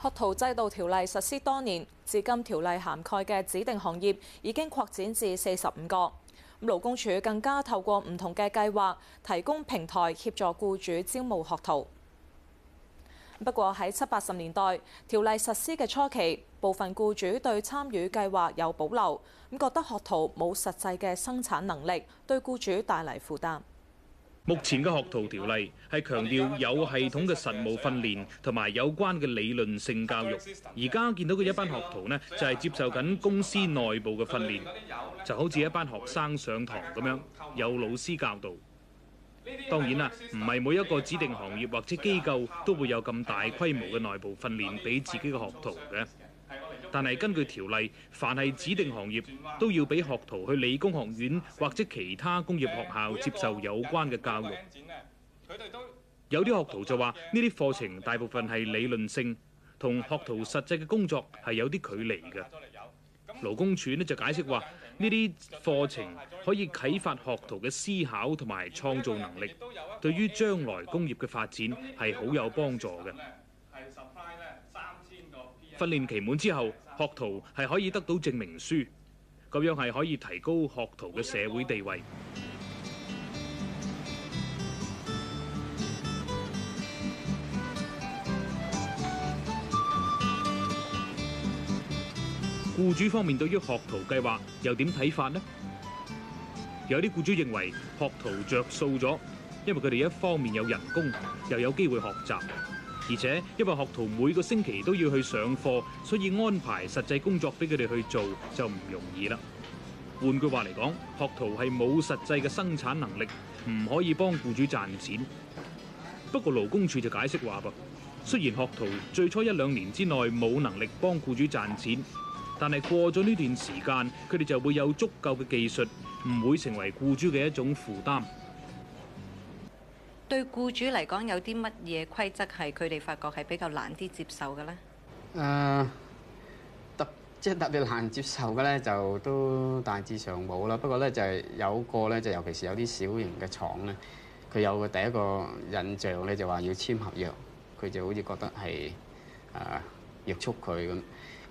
學徒制度條例實施多年，至今條例涵蓋嘅指定行業已經擴展至四十五個。勞工處更加透過唔同嘅計劃提供平台協助僱主招募學徒。不過喺七八十年代條例實施嘅初期，部分僱主對參與計劃有保留，咁覺得學徒冇實際嘅生產能力，對僱主帶嚟負擔。目前嘅學徒條例係強調有系統嘅實務訓練同埋有關嘅理論性教育。而家見到嘅一班學徒呢，就係接受緊公司內部嘅訓練，就好似一班學生上堂咁樣，有老師教導。當然啦，唔係每一個指定行業或者機構都會有咁大規模嘅內部訓練俾自己嘅學徒嘅。但係根據條例，凡係指定行業，都要俾學徒去理工學院或者其他工業學校接受有關嘅教育。有啲學徒就話，呢啲課程大部分係理論性，同學徒實際嘅工作係有啲距離嘅。勞工處呢就解釋話，呢啲課程可以啟發學徒嘅思考同埋創造能力，對於將來工業嘅發展係好有幫助嘅。訓練期滿之後，學徒係可以得到證明書，咁樣係可以提高學徒嘅社會地位。僱主方面對於學徒計劃又點睇法呢？有啲僱主認為學徒著數咗，因為佢哋一方面有人工，又有機會學習。而且，因為學徒每個星期都要去上課，所以安排實際工作俾佢哋去做就唔容易啦。換句話嚟講，學徒係冇實際嘅生產能力，唔可以幫僱主賺錢。不過勞工處就解釋話噃，雖然學徒最初一兩年之內冇能力幫僱主賺錢，但係過咗呢段時間，佢哋就會有足夠嘅技術，唔會成為僱主嘅一種負擔。對僱主嚟講，有啲乜嘢規則係佢哋發覺係比較難啲接受嘅咧？誒，特即係特別難接受嘅咧，就都大致上冇啦。不過咧，就係有個咧，就尤其是有啲小型嘅廠咧，佢有個第一個印象咧，就話要簽合約，佢就好似覺得係誒約束佢咁。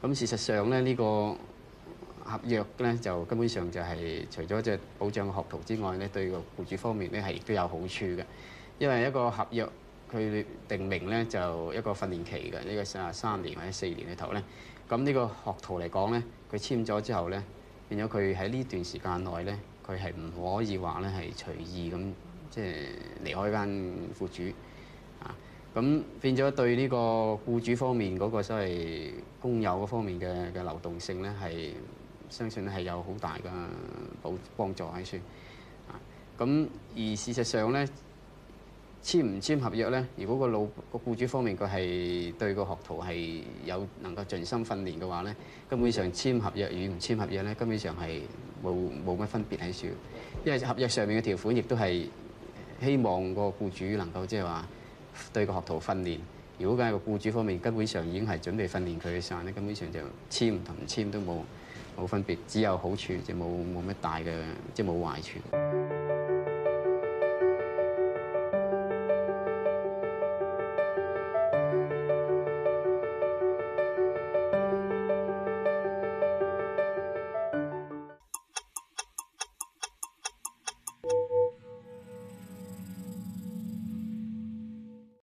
咁事實上咧，呢個合約咧，就根本上就係除咗只保障學徒之外咧，對個僱主方面咧，係亦都有好處嘅。因為一個合約佢定明咧，就一個訓練期嘅呢、呢個卅三年或者四年嘅頭咧。咁呢個學徒嚟講咧，佢簽咗之後咧，變咗佢喺呢段時間內咧，佢係唔可以話咧係隨意咁即係離開間僱主啊。咁變咗對呢個僱主方面嗰個所謂工友嗰方面嘅嘅流動性咧，係相信係有好大嘅補幫助喺處啊。咁而事實上咧。簽唔簽合約呢？如果個老、個僱主方面佢係對個學徒係有能夠盡心訓練嘅話呢，根本上簽合約與唔簽合約呢，根本上係冇冇乜分別喺度。因為合約上面嘅條款亦都係希望個僱主能夠即係話對個學徒訓練。如果梗係個僱主方面根本上已經係準備訓練佢嘅時候呢，根本上就簽同唔簽都冇冇分別，只有好處，即冇冇乜大嘅，即係冇壞處。